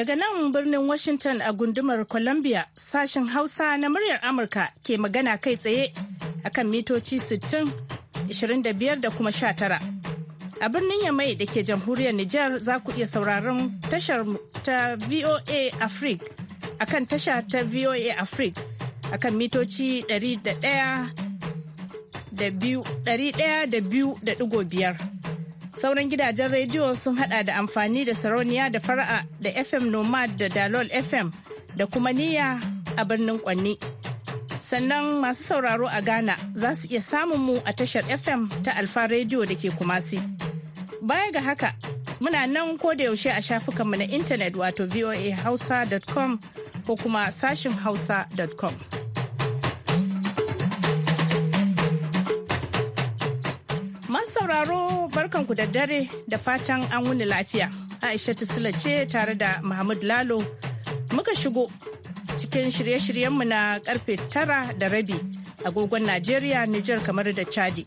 Daga nan birnin Washington a gundumar Columbia sashen Hausa na muryar Amurka ke magana kai tsaye akan mitoci 60, 25 da kuma 19. A birnin Yamai da ke jamhuriyar Nijar za ku iya sauraron tashar ta VOA Africa akan tasha ta VOA Africa akan mitoci 100 da 100.5 Sauran gidajen rediyo sun hada da amfani da sarauniya da fara'a da FM Nomad da Dalol FM da kuma niyya a birnin Kwanni. Sannan masu sauraro a Ghana za su iya samun mu a tashar FM ta Alfa rediyo da ke Kumasi. Baya ga haka, muna nan ko da yaushe a shafukanmu na intanet wato voahausa.com ko kuma sashin hausa.com. Masu sauraro barkanku da dare da fatan an wuni lafiya. Aisha Sula ce tare da Mahmud Lalo muka shigo cikin shirye-shiryenmu na karfe tara da rabi agogon Najeriya, Nijar kamar da Chadi.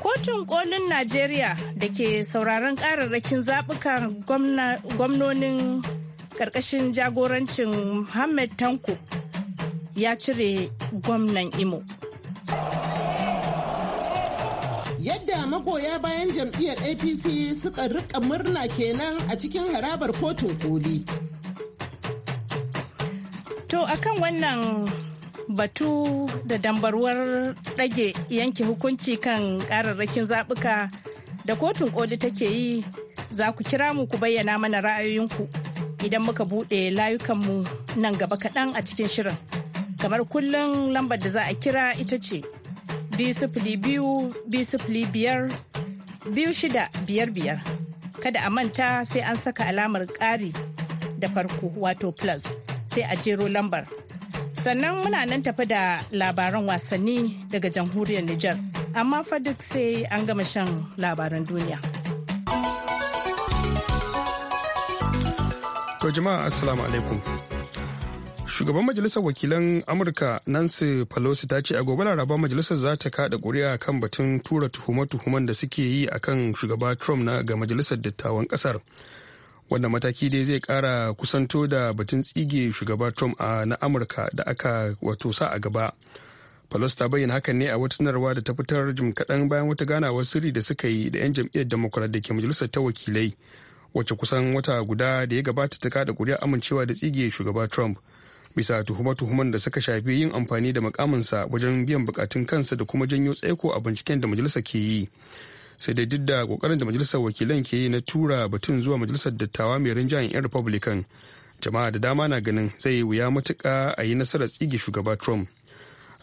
Kotun kolin Najeriya da ke sauraron kararrakin zaɓukan gwamnonin ƙarƙashin jagorancin Muhammad Tanko ya cire gwamnan Imo. Yadda magoya bayan jam'iyyar APC suka rika murna kenan a cikin harabar kotun koli. To akan wannan batu da dambarwar ɗage yanke hukunci kan ƙararrakin zaɓuka da kotun koli take yi za ku kira mu ku bayyana mana ra'ayoyinku idan muka buɗe layukanmu nan gaba kaɗan a cikin shirin. Kamar kullum lambar da za a kira ita ce biyar kada a manta sai an saka alamar ƙari da farko wato plus sai a jero lambar sannan muna nan tafi da labaran wasanni daga jamhuriyar Nijar amma fa duk sai an gama shan labaran duniya. To jama'a assalamu alaikum. shugaban majalisar wakilan amurka nancy pelosi ta ce a gobe laraba majalisar za ta kada kuri'a kan batun tura tuhume-tuhumen da suke yi a kan shugaba trump na ga majalisar dattawan kasar wanda mataki dai zai kara kusanto da batun tsige shugaba trump a na amurka da aka wato sa a gaba pelosi ta bayyana hakan ne a wata sanarwa da ta fitar jim kaɗan bayan wata ganawar sirri da suka yi da 'yan jam'iyyar democrat da ke majalisar ta wakilai wace kusan wata guda da ya gabata ta kada kuri'a amincewa da tsige shugaba trump bisa tuhume-tuhumen da suka shafi yin amfani da makaminsa wajen biyan bukatun kansa da kuma janyo tsaiko a binciken da majalisa ke yi sai dai duk da kokarin da majalisar wakilan ke yi na tura batun zuwa majalisar dattawa mai rinjayen 'yan republican jama'a da dama na ganin zai wuya matuka a yi nasarar tsige shugaba trump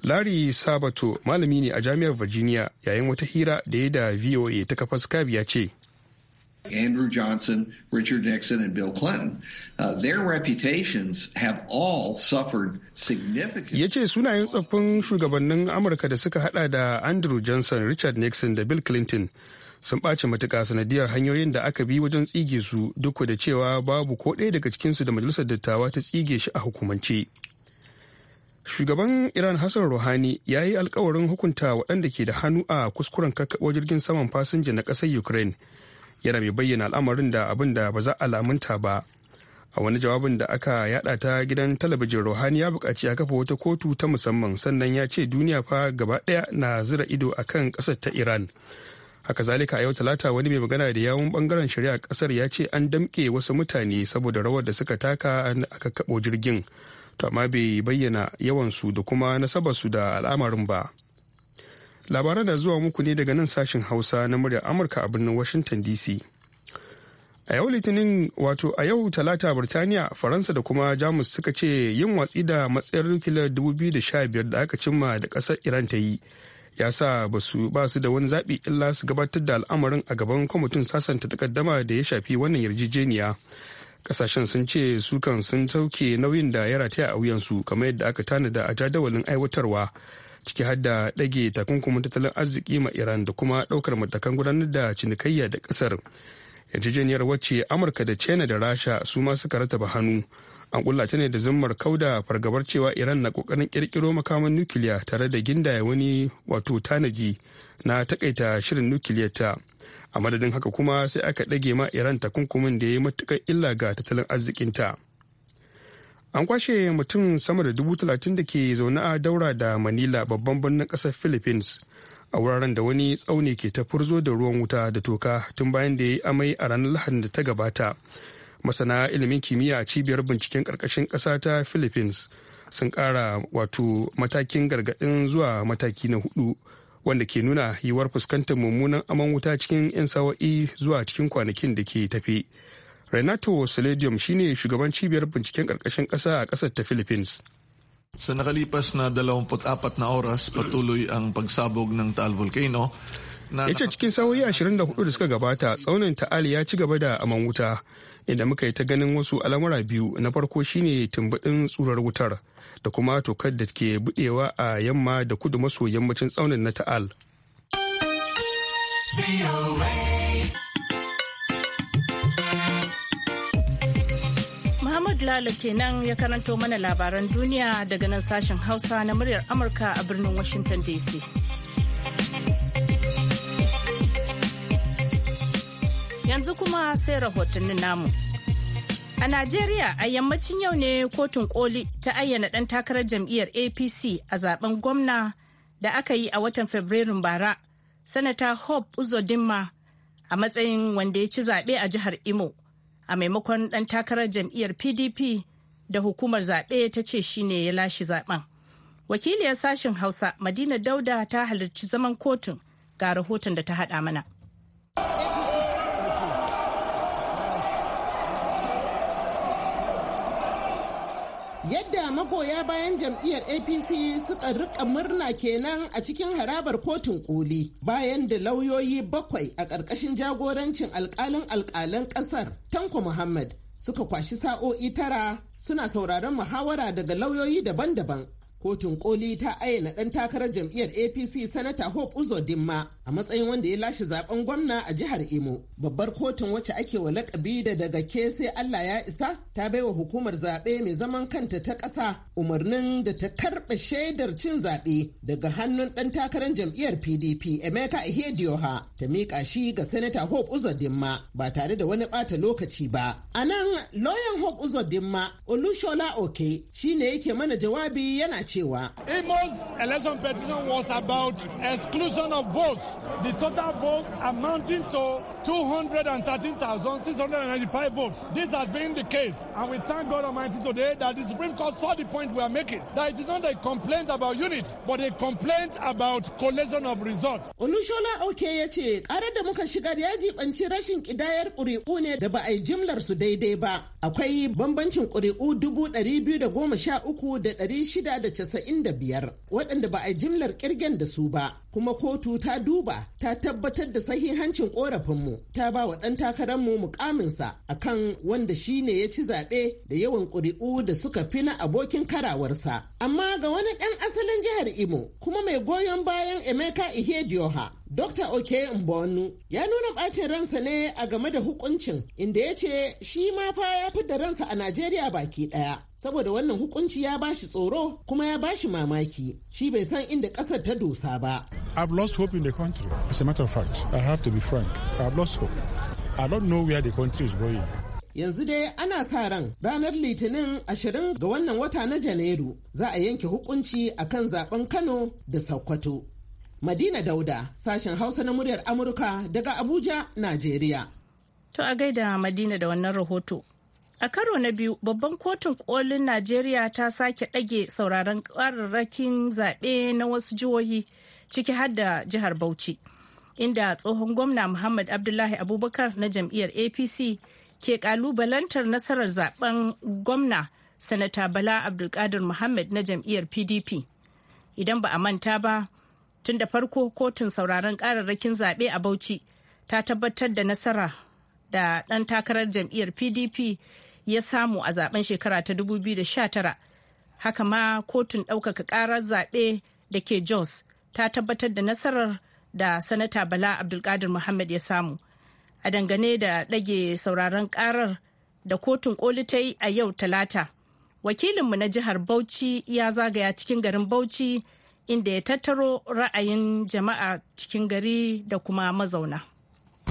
larry sabato malami ne a jami'ar virginia yayin wata hira da ya da voa ta kafa skype ya ce Andrew Johnson, Richard Nixon, and Bill Clinton, uh, their reputations have all suffered significant. Ya ce sunayen tsoffin shugabannin Amurka da suka hada da Andrew Johnson, Richard Nixon da Bill Clinton sun ɓace matuƙa sanadiyar hanyoyin da aka bi wajen tsige su duk da cewa babu ko ɗaya daga cikinsu da majalisar dattawa ta tsige shi a hukumance. Shugaban Iran Hassan Rouhani ya yi alkawarin hukunta waɗanda ke da hannu a kuskuren kakkaɓo jirgin saman fasinja na ƙasar Ukraine. yana mai bayyana al'amarin da abin da ba za a lamunta ba a wani jawabin da aka yada ta gidan talabijin rohani ya bukaci a kafa wata kotu ta musamman sannan ya ce duniya fa gaba ɗaya na zira ido a kan ƙasar ta iran haka zalika a yau talata wani mai magana da yawun bangaren shari'a ƙasar ya ce an damke wasu mutane saboda rawar da suka taka aka kabo jirgin to amma bai bayyana yawansu da kuma su da al'amarin ba labaran da zuwa muku ne daga nan sashen hausa na muryar amurka a birnin washington dc a yau litinin wato a yau talata birtaniya faransa da kuma jamus suka ce yin watsi da matsayar nukiliyar 2015 da aka cimma da kasar iran ta yi ya sa ba su da wani zaɓi illa su gabatar da al'amarin a gaban kwamitin sasanta takaddama da ya shafi wannan yarjejeniya kasashen sun ce su kan sun sauke nauyin da ya rataya a wuyansu kamar yadda aka tanada a jadawalin aiwatarwa ciki har da ɗage takunkumin tattalin arziki ma iran da kuma ɗaukar matakan gudanar da cinikayya da ƙasar yarjejeniyar wacce amurka da china da rasha su ma suka rataba hannu an kulla ta ne da zimmar kauda fargabar cewa iran na kokarin kirkiro makaman nukiliya tare da gindaya wani wato tanaji na takaita shirin nukiliyar ta a madadin haka kuma sai aka ɗage ma iran takunkumin da ya yi matuƙar illa ga tattalin arzikinta. ta an kwashe mutum sama da dubu talatin da ke zaune a daura da manila babban birnin kasar philippines a wuraren da wani tsauni ke ta furzo da ruwan wuta da toka tun bayan da ya yi amai a ranar lahadin da ta gabata masana ilimin kimiyya a cibiyar binciken karkashin kasa ta philippines sun kara wato matakin gargadin zuwa mataki na hudu wanda ke nuna yiwuwar fuskantar mummunan aman wuta cikin 'yan sawa'i zuwa cikin kwanakin da ke tafi. renato seledium shine shugaban cibiyar binciken karkashin ƙasa a ƙasar ta philippines sa nakalipas na 24 na oras patuloy ang pagsabog ng taal volcano ya ce cikin sa'o'i 24 da suka gabata tsaunin ta'al ya ci gaba da aman wuta inda muka yi ta ganin wasu al'amura biyu na farko shine tumbuɗin tsurar wutar da kuma tokar da ke buɗewa a yamma da kudu maso yammacin tsaunin na ta'al. Mahmud Lalo kenan ya karanto mana labaran duniya daga nan sashen Hausa na muryar Amurka a birnin Washington DC. Yanzu kuma sai rahotannin namu. A Najeriya a yammacin yau ne kotun koli ta ayyana ɗan takarar jam'iyyar APC a zaben gwamna da aka yi a watan Fabrairun bara, Sanata Hope Uzodinma a matsayin wanda ya ci zaɓe a jihar Imo. a maimakon ɗan takarar jam'iyyar pdp da hukumar zaɓe ta ce shine ya lashe zaben wakiliyar sashen hausa madina dauda ta halarci zaman kotun ga rahoton da ta haɗa mana Yadda makoya bayan jam'iyyar APC suka rika murna kenan a cikin harabar kotun koli bayan da lauyoyi bakwai a ƙarƙashin jagorancin alƙalin alƙalan ƙasar Tanko Muhammad suka kwashi sa'o'i tara suna sauraron muhawara daga lauyoyi daban-daban kotun koli ta ayyana ɗan takarar jam'iyyar apc sanata hope uzodinma a matsayin wanda ya lashe zaben gwamna a jihar imo babbar kotun wacce ake wa lakabi da daga ke sai allah ya isa ta bai wa hukumar zaɓe mai zaman kanta ta ƙasa umarnin da ta karɓe shaidar cin zaɓe daga hannun ɗan takarar jam'iyyar pdp emeka ihedioha ta miƙa shi ga sanata hope uzodinma ba tare da wani bata lokaci ba Anan, nan lauyan hope uzodinma olushola oke shine yake mana jawabi yana cewa Imo's election petition was about exclusion of votes. The total votes amounting to 213,695 votes. This has been the case and we thank God Almighty today that the Supreme Court saw the point we are making. That it is not a complaint about units but a complaint about collation of results. Olushola Oke ya ce karar da muka shigar ya jibanci rashin kidayar ƙuri'u ne da ba a yi jimlar su daidai ba. Akwai bambancin ƙuri'u dubu ɗari biyu da goma sha uku da ɗari shida da casa'in da biyar waɗanda ba a jimlar kirgen da su ba kuma kotu ta duba ta tabbatar da sahihancin korafinmu ta ba wa ɗan takararmu mukaminsa kan wanda shi ne ya ci zaɓe da yawan ƙuri'u da suka fi na abokin karawarsa amma ga wani ɗan asalin jihar imo kuma mai goyon bayan emeka ihedioha Dr. Oke Mbonu ya nuna ɓacin ransa ne a game da hukuncin inda ya ce shi ma fa ya fi da ransa a Najeriya baki ɗaya. Saboda wannan hukunci ya bashi tsoro kuma ya bashi mamaki. Shi bai san inda ƙasar ta dosa ba. I've lost hope in the country. As a matter of fact, I have to be frank. I've lost hope. I don't know where the country is going. Yanzu dai ana sa ran ranar Litinin ashirin ga wannan wata na Janairu za a yanke hukunci a kan zaben Kano da Sokoto. Madina Dauda, sashen Hausa na muryar Amurka daga Abuja, Najeriya. To a gaida Madina da wannan rahoto. A karo na biyu, babban kotun kolin Najeriya ta sake ɗage sauraron ƙararrakin zaɓe na wasu jihohi ciki har da jihar Bauchi. Inda tsohon gwamna Muhammad Abdullahi Abubakar na jam'iyyar APC ke kalubalantar nasarar zaben gwamna Sanata Bala Abdulkadir Muhammad na jam'iyyar PDP. Idan ba a manta ba, tun da farko kotun sauraron kararrakin zaɓe a Bauchi ta tabbatar da nasara da ɗan takarar jam'iyyar PDP ya samu a zaben shekara ta 2019. Haka ma kotun ɗaukaka ƙarar zaɓe da ke Jos ta tabbatar da nasarar da sanata bala abdulkadir muhammad ya samu a dangane da ɗage sauraron karar da kotun koli ta a yau talata wakilinmu na jihar bauchi ya zagaya cikin garin bauchi inda ya tattaro ra'ayin jama'a cikin gari da kuma mazauna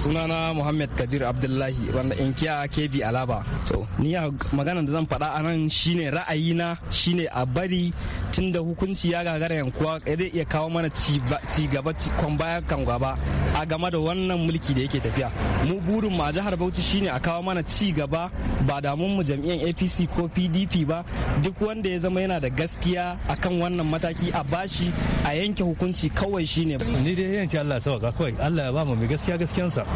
sunana muhammad kabir abdullahi wanda inkiya kebi alaba to ni maganan da zan faɗa a nan shine ra'ayina shine a bari tun da hukunci ya gagara yankuwa eh, zai iya kawo mana ci gaba kwan baya kan gaba a game da wannan mulki da yake tafiya mu burin ma jihar bauchi shine a kawo mana ci gaba ba damun mu jam'iyyar apc ko pdp ba duk wanda ya zama yana da gaskiya akan wannan mataki a bashi a yanke hukunci kawai shine ni dai yanci allah sauka kawai allah ya ba mu mai gaskiya gaskiyansa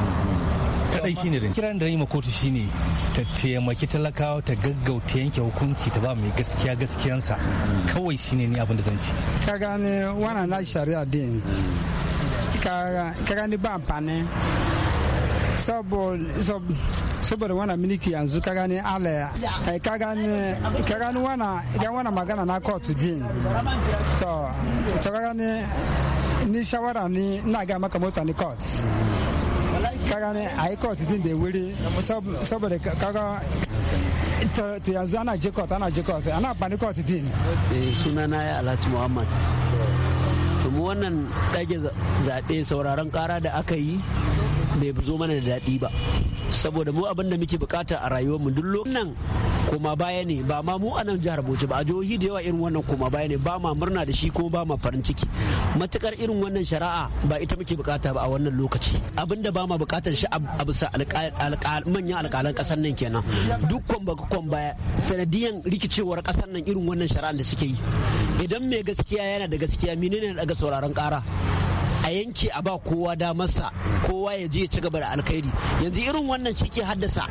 kadai shine da kiran da ma kotu shine ta taimaki talakawa ta gaggauta yanke hukunci ta ba mai gaskiya gaskiyansa kawai shine ni abin da zan ci ka gane wana na shari'a din ka gane ba amfani saboda wana miliki yanzu ka gani alaya eh, ka gani wana magana na kotu din to ka gani ni shawara ni na ga maka mota ni kotu kaga ne a yi court din da wuri saboda kaga to yanzu ana je kotu ana je kotu ana bani court din eh, sunana ya alhaji muhammad to mu wannan ɗage zaɓe sauraron ƙara da aka yi bai zo mana da daɗi ba saboda mu abin da muke bukata a rayuwarmu duk lokacin koma baya ne ba ma mu anan jihar Bauchi ba a jihohi da yawa irin wannan koma baya ne ba ma murna da shi kuma ba ma farin ciki matukar irin wannan shari'a ba ita muke bukata ba a wannan lokaci abinda ba ma bukatar shi a bisa manyan alkalan kasar nan kenan dukkan ba kwan baya sanadiyan rikicewar kasar nan irin wannan shari'a da suke yi idan mai gaskiya yana da gaskiya menene daga sauraron kara a yanke a ba kowa damarsa kowa ya je ya ci gaba da alkhairi yanzu irin wannan shi ke haddasa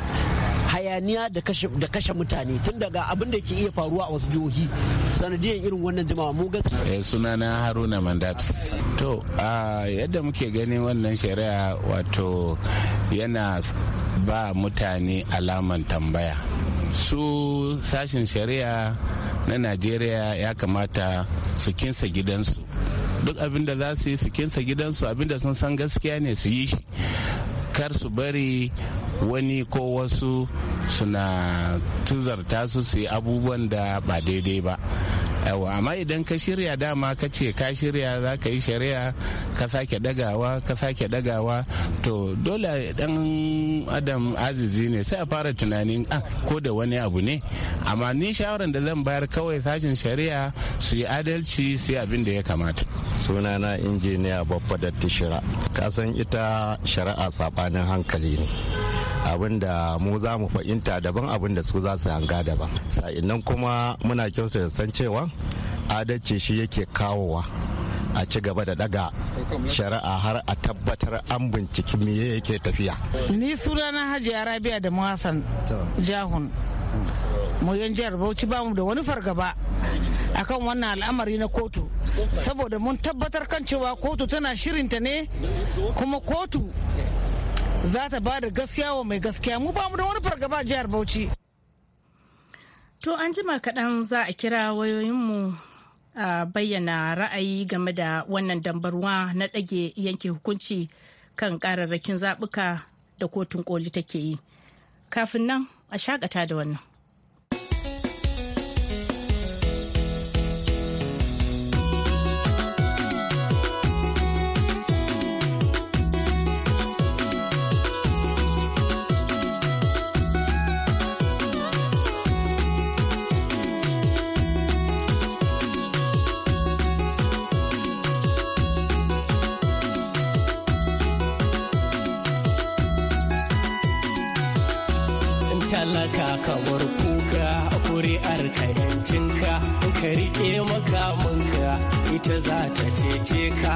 hayaniya da kashe mutane tun daga abin da ke iya faruwa a wasu jihohi sanadiyar irin wannan jama'a mu gaskiya eh, sunana haruna mandaps to yadda muke gani wannan shari'a wato yana ba mutane alaman tambaya su sashen shari'a na najeriya ya kamata su kinsa gidansu duk abin da za su yi su kinsa gidansu abinda da sun san gaskiya ne su yi shi kar su bari wani ko wasu suna tuzarta su su yi abubuwan da ba daidai ba yawa amma idan ka shirya dama ka ce ka shirya za ka yi shari'a ka sake dagawa ka sake dagawa to dole dan adam azizi ne sai a fara tunanin ah ko da wani abu ne amma ni shawaran da zan bayar kawai sashen shari'a su yi adalci su yi abin da ya kamata sunana injiniya babba da tishira kasan ita shari'a sabanin hankali ne abin da mu za mu fahimta daban abin da su za su hanga daban sa'innan kuma muna kyautar da san cewa adalci shi yake kawowa a ci gaba da daga shari'a har a tabbatar an binciki me yake tafiya ni sunana hajiya arabiya da muhassan jahun mu yan jihar bauchi bamu da wani fargaba akan wannan al'amari na kotu saboda mun tabbatar kan cewa kotu tana shirinta ne kuma kotu za ta ba da gaskiya wa mai gaskiya mu ba mu da wani fargaba jihar bauchi to an jima kaɗan za a kira wayoyinmu a bayyana ra'ayi game da wannan dambarwa na ɗage yanke hukunci kan ƙararrakin zaɓuka da kotun koli take yi kafin nan a shakata da wannan talaka ka bar kuka kuri'ar kayancinka ka rike makamanka ita za ta cece ka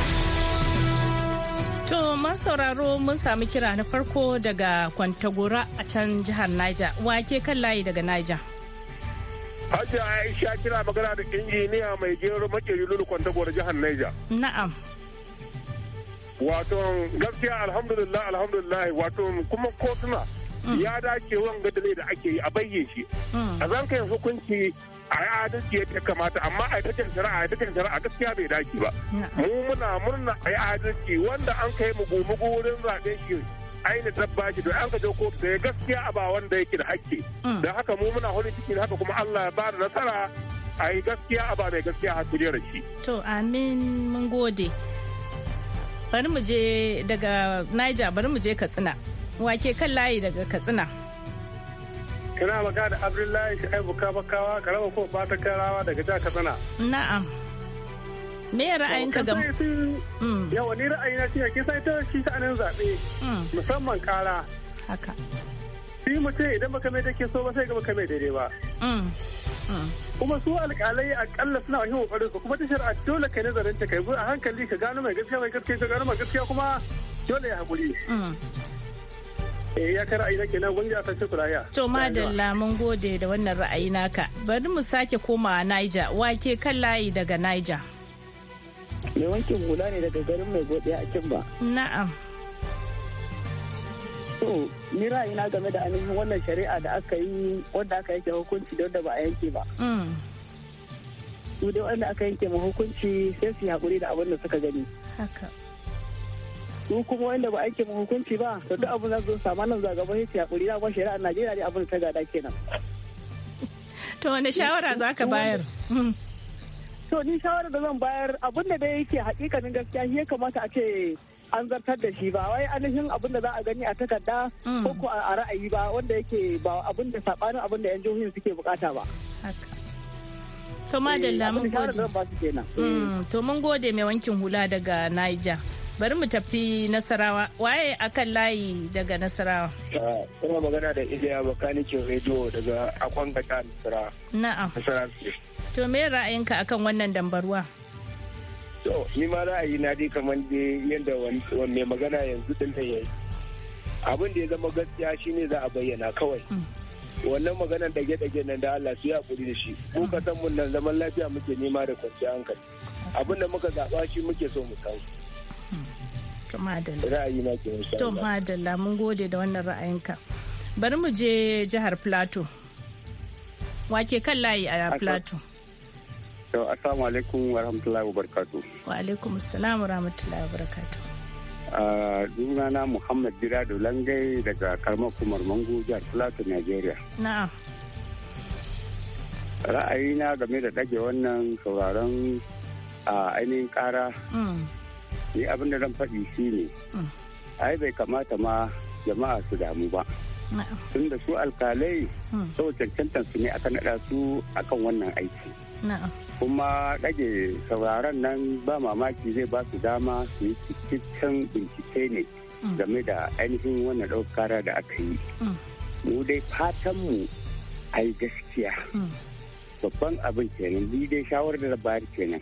masu sauraro mun sami kira na farko daga Kwantagora a can jihar Niger. Wake kan layi daga Niger. Hajji Aisha kira magana da injiniya mai gero makeri lulu Kwantagora jihar Niger. Na'am. Wato gaskiya alhamdulillah alhamdulillah wato kuma kotuna mm. ya dace wanga da ake yi a bayyin shi. Mm. A zan kai hukunci a yi adalci yadda ya kamata amma a yi yi shari'a aikatan shari'a gaskiya bai dace ba mu muna murna a yi adalci wanda an kai mu gobe gurin zaɓe shi aini dabba shi don an ka je kotu sai gaskiya a ba wanda yake da hakki mm. don haka mu muna hulun ciki haka kuma Allah ya ba da nasara a yi gaskiya a ba mai gaskiya a kujerar shi. To amin mun gode. Bari mu je daga Niger bari mu je Katsina. Wake kan layi daga Katsina. Kina maka da Abdullahi Shaibu Kabakawa, karama ko bata karawa daga jihar Katsina. Na'am. Me ya ra'ayinka ga mm. Yawa ra'ayi na shi ke sai ta shi ta nan zaɓe. Mm. Musamman kara. Haka. Shi mutum idan baka mai da ke so ba sai ga baka mai daidai ba. Mm. kuma su alƙalai aƙalla suna yin kokarin su kuma ta shari'a dole kai nazarin ta kai a hankali ka gano mai gaskiya mai gaskiya ka gano mai gaskiya kuma dole ya haƙuri. Eh, ya ka ra'ayi na gunja gwamnati ce sace kulaya. To madalla mun gode da wannan ra'ayi naka. Bari mu sake komawa Niger. Wake kan layi daga Niger. Mai wankin hula ne daga garin mai godiya a Kimba. Na'am. To, ni na game da ainihin wannan shari'a da aka yi wanda aka yanke hukunci da wanda ba a yanke ba. Mm. Su dai wanda aka yanke ma hukunci sai su yi haƙuri da abin da suka gani. Haka. su kuma wanda ba aikin hukunci ba to duk abin zan zo sama zaga ba sai ya kuri ba a Najeriya ne abin ta gada kenan to wani shawara zaka bayar to ni shawara da zan bayar abin da dai yake hakikanin gaskiya shi ya kamata a ce an zartar da shi ba wai ainihin abin da za a gani a takarda mm. ko ko a ra'ayi ba wanda yake ba abin da sabanin abin da yan jihohin suke bukata ba to madalla eh, mun gode mm, to mun gode mai wankin hula daga Niger bari mu tafi nasarawa waye akan layi daga nasarawa kuma magana da iliya bakanikin rediyo daga akwan gata nasarawa na'am to me ra'ayinka akan wannan dambaruwa to ni ma ra'ayi na dai kamar dai yadda wanne magana yanzu din da yayi abin da ya zama gaskiya shine za a bayyana kawai mm. wannan maganar dage-dage nan da Allah su ya hakuri da shi ko mm. kasan mun nan zaman lafiya muke nema da kwanciyar hankali abin da muka zaba shi muke so mu kawo madalla to madalla mun gode da wannan ra'ayinka bari mu je jihar plateau wake kan layi a plateau to assalamu alaikum wa rahmatullahi wa barakatuh wa alaikum assalam wa rahmatullahi wa duna na Muhammad Birado Langai daga karamar kumar Mango jihar Plateau, Nigeria. Na'am. Ra'ayina game da ɗage wannan sauraron ainihin ƙara mm. ni abin da zan faɗi shi ne mm. ai bai kamata ma jama'a su damu ba tun da su alkalai mm. saboda cancantar su ne aka naɗa su akan wannan aiki kuma ɗage sauraron nan ba mamaki zai ba su dama su yi cikakken bincike ne mm. game da ainihin wannan ɗaukar da aka yi mu dai fatanmu ai gaskiya babban abin kenan ni dai shawarar da bayar kenan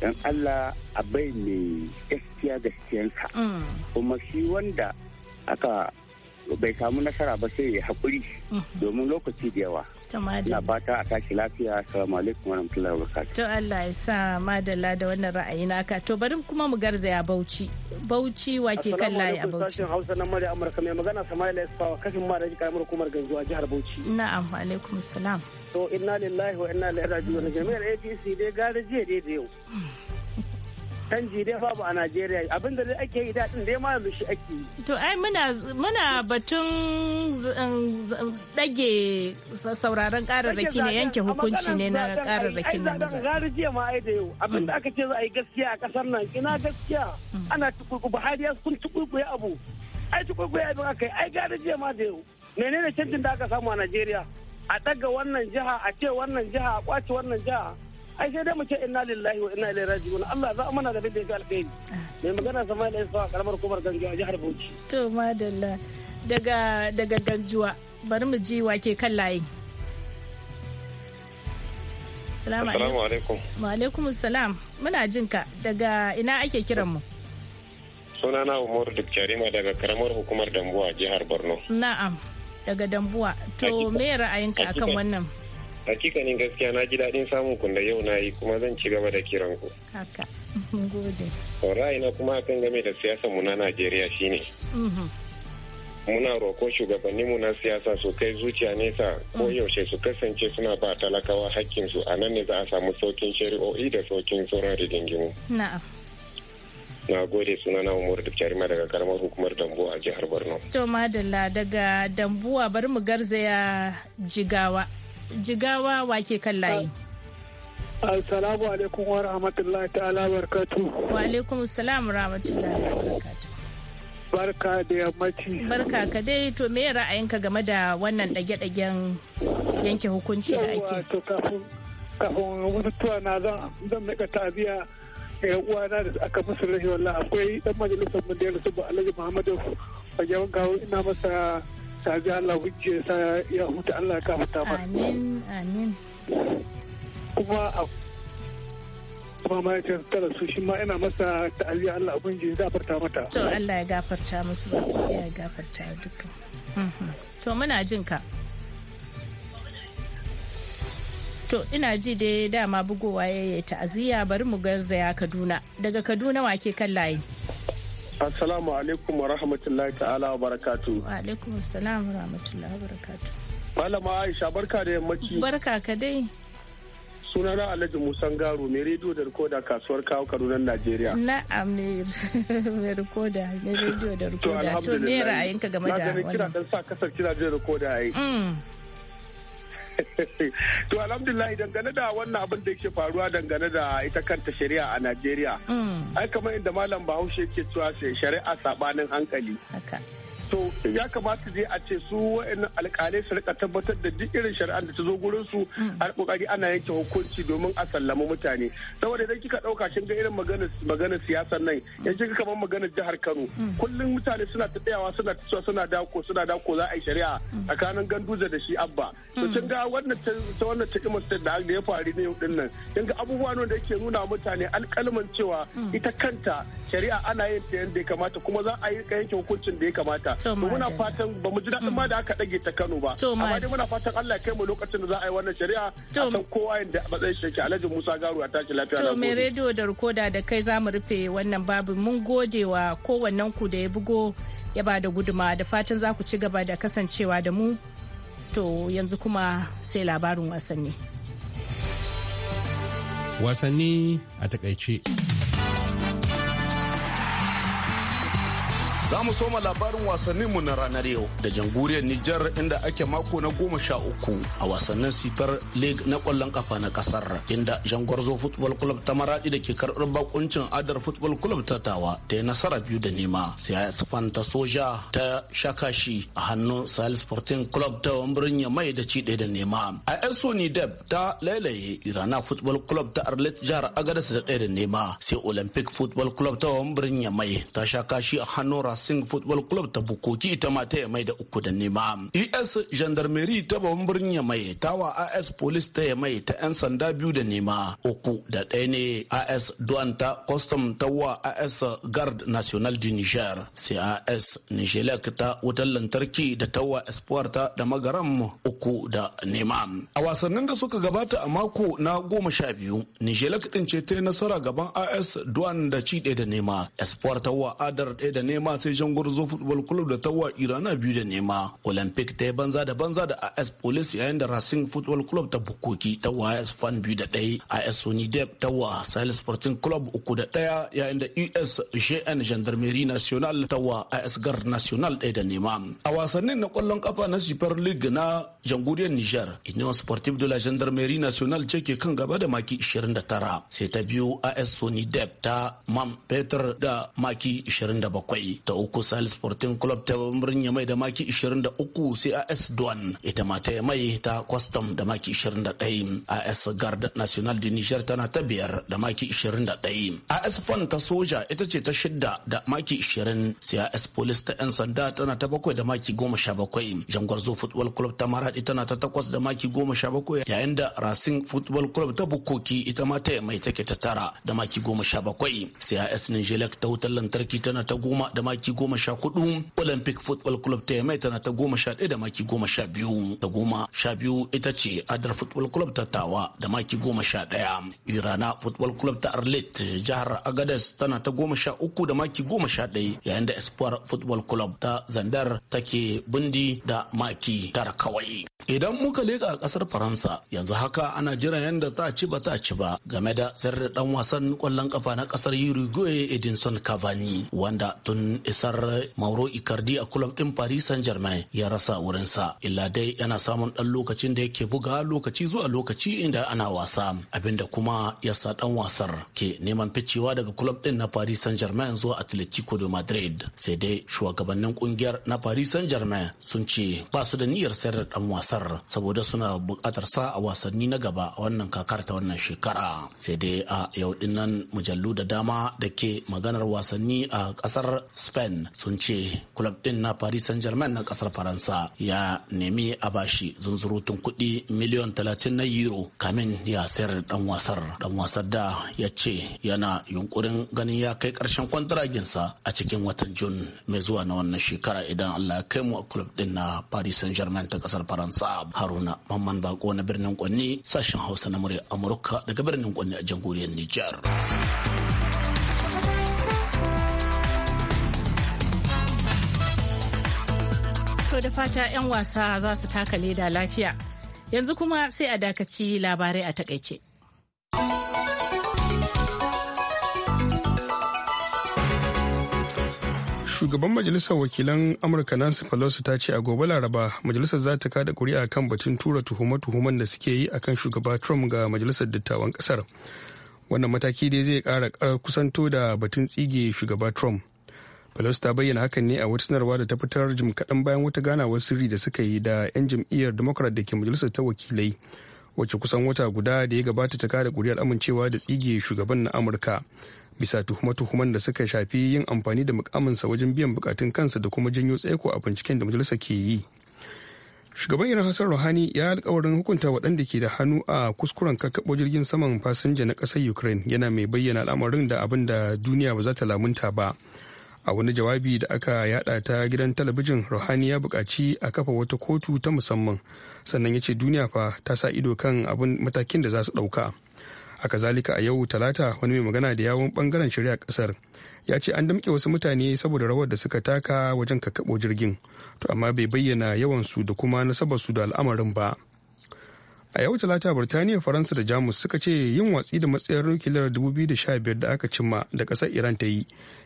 don allah a bai mai gaskiya gaskiyanka mm. kuma shi wanda aka bai samu nasara ba sai ya haƙuri mm. domin lokaci da yawa na fata a tashi lafiya salamu alaikum warahmatullahi wabarakatuh to Allah ya sa madalla da wannan ra'ayi naka to bari kuma mu garzaya Bauchi Bauchi wake kan layi a Bauchi Assalamu Hausa nan Amurka mai magana Samaila Isfawa kashin ma da karamar hukumar Ganjo jihar Bauchi na'am alaikum salam to inna lillahi wa inna ilaihi raji'un jami'ar APC dai gare jiya dai da yau canji dai babu a Najeriya abin da ake yi daɗin dai ma yanzu shi ake yi. To ai muna muna batun dage um, sauraron kararraki ne yanke hukunci ne na ƙararrakin ne maza. gare jiya ma ai da yau abin da mm. aka ce za a yi gaskiya a kasar nan ina gaskiya mm. ana tukuku Buhari ya kun tukuku ya abu ai tukuku ya abu kai. ai gare jiya ma da yau menene canjin da aka samu a Najeriya. a daga wannan jiha a ce wannan jiha a kwace wannan jiha ai sai dai mu ce inna lillahi wa inna ilaihi raji'un Allah za amana da bidda alheri mai magana sama da isa karamar kumar ganjuwa jihar Bauchi to madalla daga daga ganjuwa bari mu ji wake kan layi Assalamu alaikum. Wa alaikum salam. Muna jin ka daga ina ake kiran mu? Sunana Umaru Dukkarima daga karamar hukumar Dambuwa jihar Borno. Na'am. daga Dambuwa. To me ra'ayinka akan wannan? ne gaskiya na ji daɗin samun kun da yau na yi kuma zan ci gaba da kiran ku. Haka, gode. ra'ayina kuma akan game da siyasa mu na Najeriya shine. Mhm. Muna roko shugabanninmu na siyasa su kai zuciya nesa ko mm. yaushe su kasance suna ba talakawa hakkinsu a nan ne za a samu saukin shari'o'i da saukin sauran rigingimu. Na'am. na gode sunana umar da jarima daga karamar hukumar dambuwa a jihar borno to madalla daga dambuwa bari mu garzaya jigawa jigawa wake kan layi assalamu alaikum wa rahmatullahi ta'ala barkatu wa alaikum salam rahmatullahi barakatu barka da yammaci barka ka dai to me ra'ayinka game da wannan dage-dagen yanke hukunci da ake kafin mutuwa na zan zan mika tabiya yan eh, uwana da aka musu rashi wallah akwai dan majalisar mu da ya rasu Alhaji Muhammadu Fajawan Gawo ina masa sabi Allah hujje sa ya huta Allah ka huta masa amin amin kuma a kuma ma ya tara su shi ma ina masa ta'aziyya Allah ubangiji ya gafarta mata to Allah ya gafarta musu ya gafarta dukkan mhm. to muna jin ka To ina ji dai dama bugowa ya yi ta'aziyya bari mu garzaya Kaduna. Daga Kaduna wake kan layi. Assalamu alaikum wa rahmatullahi ta'ala wa barakatu. Wa alaikum assalam wa rahmatullahi wa barakatu. Malama Aisha barka da yammaci. Barka ka dai. Sunana Alhaji Musan Garu mai rediyo da rikoda kasuwar kawo Kaduna Najeriya. Na'am mai rikoda mai rediyo da rikoda. To me ra'ayinka game da wannan? Na ganin kira dan sa kasar kira da rikoda yayi. Mm. to alhamdulillah dangane da wannan abin da yake faruwa dangane da ita kanta shari'a a najeriya mm. ai kamar inda malam bahaushe ke cewa shari'a sabanin hankali so ya kamata dai a ce su wa'annan alkalai su rika tabbatar da duk irin shari'ar da ta zo gurin su mm. har kokari ana yanke hukunci domin a sallama mutane saboda idan kika dauka shin ga irin maganar maganar siyasar nan yanzu mm. kika kamar maganar jihar Kano mm. kullum mutane suna ta tsayawa suna ta cewa suna dako suna dako za a yi shari'a tsakanin Ganduza da shi Abba to kin ga wannan ta wannan ta kimastar da ya faru ne yau din nan kin ga abubuwan da yake nuna mutane alƙalman cewa ita kanta shari'a ana yin ta yadda ya kamata kuma za a yi yanke hukuncin da ya kamata muna fatan ba mu ji daɗin ma mm. da aka ɗage ta Kano ba amma dai muna fatan Allah ya kai mu lokacin da za a yi wannan shari'a akan kowa kowa yadda matsayin shi Alhaji Musa Garu ya tashi lafiya to mai rediyo da rikoda da kai za mu rufe wannan babu mun gode wa kowannen ku da ya bugo ya ba da guduma da fatan za ku ci gaba da kasancewa da mu to yanzu kuma sai labarin wasanni wasanni a takaice Za mu soma labarin wasanninmu na ranar yau da jamhuriyar Nijar inda ake mako na goma sha uku a wasannin sifar league na kwallon kafa na kasar inda jangwarzo football club ta maradi da ke karɓar bakuncin adar football club ta tawa ta yi nasara biyu da nema sai sifan ta soja ta shakashi a hannun sahel sporting club ta wambirin ya da ci da nema a eso deb ta lailaye irana football club ta arlet jihar agadas da ɗaya da nema sai olympic football club ta wambirin ya ta shakashi a hannun racing football club ta bukoki ita ma ta yamai da uku da nema es gendarmerie ta babban birnin yamai wa as police ta yamai ta yan sanda biyu da nema uku da ɗaya ne as Duan ta custom ta wa as guard national du niger sai as nigelec ta wutar lantarki da tawa espoir ta da magaram uku da nema a wasannin da suka gabata a mako na goma sha biyu nigelec din ce ta nasara gaban as Duan da ci ɗaya da nema espoir ta wa adar ɗaya da nema sai shangwarzo football club da tawa irana biyu da nema olympic ta banza da banza da as police yayin da racing football club ta bukoki ta as fan biyu da ɗaya as sonidep ta wa sahel sporting club uku da ɗaya yayin da us jn gendarmerie national ta wa as gar national ɗaya da nema a wasannin na kwallon kafa na super league na jamhuriyar niger union sportive de la gendarmerie national ce ke kan gaba da maki 29 sai ta biyu as sonidep ta mam peter da maki 27 to uku sahel sporting club ta birnin mai da maki 23 sai as duan ita ma ta mai ta kwastam da maki 21 as guard national de niger tana ta biyar da maki 21 as fan ta soja ita ce ta shidda da maki 20 sai as police ta yan sanda tana ta bakwai da maki 17 jangwarzo football club ta maradi tana ta takwas da maki 17 yayin da racing football club ta bukoki ita ma ta mai take ta tara da maki 17 sai as nigelec ta wutar lantarki tana ta goma da maki maki goma sha hudu olympic football club ta yamai tana ta goma sha ɗaya da maki goma sha biyu ta goma sha biyu ita ce adar football club ta tawa da maki goma sha ɗaya irana football club ta arlet jihar agadas tana ta goma sha uku da maki goma sha ɗaya yayin da espoir football club ta zandar take bundi da maki tara kawai idan muka a ƙasar faransa yanzu haka ana jiran yadda ta ci ba ta ci ba game da sayar da ɗan wasan kwallon ƙafa na ƙasar uruguay edinson cavani wanda tun kasar Mauro Icardi a kulob din Paris Saint-Germain ya rasa wurinsa. Illa dai yana samun ɗan lokacin da yake buga lokaci zuwa lokaci inda ana wasa. Abinda kuma ya sa ɗan wasar ke neman ficewa daga kulob din na Paris Saint-Germain zuwa Atletico de Madrid. Sai dai shugabannin kungiyar na Paris Saint-Germain sun ce ba su da niyyar sayar da ɗan wasar saboda suna buƙatar sa a wasanni na gaba a wannan kakar ta wannan shekara. Sai dai a yau dinnan mujallu da dama da ke maganar wasanni a ƙasar Spain Pen sun ce kulab din na Paris Saint-Germain na kasar Faransa ya nemi a bashi zunzurutun kuɗi miliyon talatin na euro kamin ya sayar da dan wasar. Dan wasar da ya ce yana yunkurin ganin ya kai ƙarshen kwantaraginsa a cikin watan Jun mai zuwa na wannan shekara idan Allah ya kai mu a kulab din na Paris Saint-Germain ta kasar Faransa. Haruna Mamman Bako na birnin Kwanni sashen Hausa na murya Amurka daga birnin Kwanni a jamhuriyar Nijar. To da fata 'yan wasa za su taka leda lafiya. Yanzu kuma sai a dakaci labarai a takaice. Shugaban Majalisar Wakilan Amurka Nancy Pelosi ta ce a gobe Laraba majalisar za ta kada kuri'a kan batun tura tuhume-tuhumen da suke yi akan shugaba Trump ga majalisar dattawan kasar. Wannan mataki dai zai kara kusanto da batun tsige shugaba Trump. Pelosi ta bayyana hakan ne a wata sanarwa da ta fitar jim kaɗan bayan wata ganawar sirri da suka yi da 'yan jam'iyyar Democrat da ke majalisar ta wakilai, wacce kusan wata guda da ya gabata ta kada kuri'ar amincewa da tsige shugaban na Amurka. Bisa tuhume-tuhumen da suka shafi yin amfani da mukaminsa wajen biyan bukatun kansa da kuma janyo tsaiko a binciken da majalisa ke yi. Shugaban Iran Hassan Rouhani ya alkawarin hukunta waɗanda ke da hannu a kuskuren kakkaɓo jirgin saman fasinja na ƙasar Ukraine yana mai bayyana al'amarin da abin da duniya ba za ta lamunta ba. a wani jawabi da aka yada ta gidan talabijin ruhani ya buƙaci a kafa wata kotu ta musamman sannan ya ce duniya fa ta sa ido kan abin matakin da za su ɗauka a kazalika a yau talata wani mai magana da yawon bangaren shari'a ƙasar ya ce an damƙe wasu mutane saboda rawar da suka taka wajen kakkaɓo jirgin to amma bai bayyana yawansu da kuma su da al'amarin ba a yau talata birtaniya faransa da jamus suka ce yin watsi da matsayar nukiliyar 2015 da aka cimma da kasar iran ta yi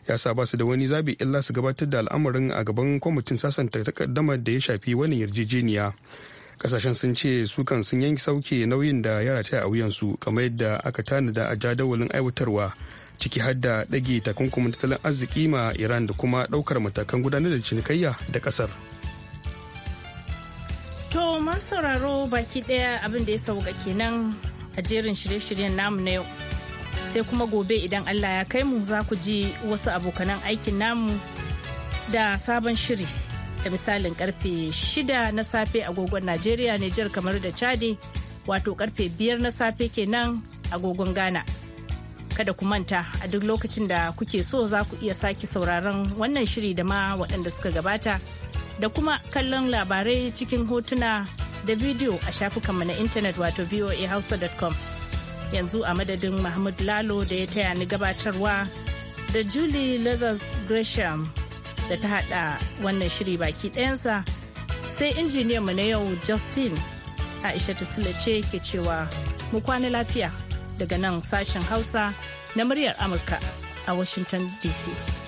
ya sa basu da wani zabi illa su gabatar da al'amarin a gaban kwamitin sasanta takaddama da ya shafi wani yarjejeniya kasashen sun ce su kan sun yanki sauke nauyin da ya rataya a wuyansu kamar yadda aka tanada a jadawalin aiwatarwa ciki har da ɗage takunkumin tattalin arziki ma iran da kuma ɗaukar matakan gudanar da cinikayya da ƙasar. To masu sauraro baki ɗaya abin da ya sauka kenan a jerin shirye-shiryen namu na yau. Sai kuma gobe idan Allah ya kai mu za ku ji wasu abokanan aikin namu da sabon shiri da misalin karfe shida na safe agogon Najeriya, Nijar kamar da Chadi wato karfe biyar na safe kenan agogon Ghana. Kada ku manta a duk lokacin da kuke so za ku iya sake sauraron wannan shiri da ma waɗanda suka gabata da kuma kallon labarai cikin hotuna da bidiyo a shafukanmu na intanet wato voahausa.com yanzu a madadin mahmud lalo da ya taya ni gabatarwa da julie leathers gresham da ta hada wannan shiri baki ɗayansa sai mu na yau justin aisha sule ce ke cewa mu kwana lafiya daga nan sashen hausa na muryar amurka a washington dc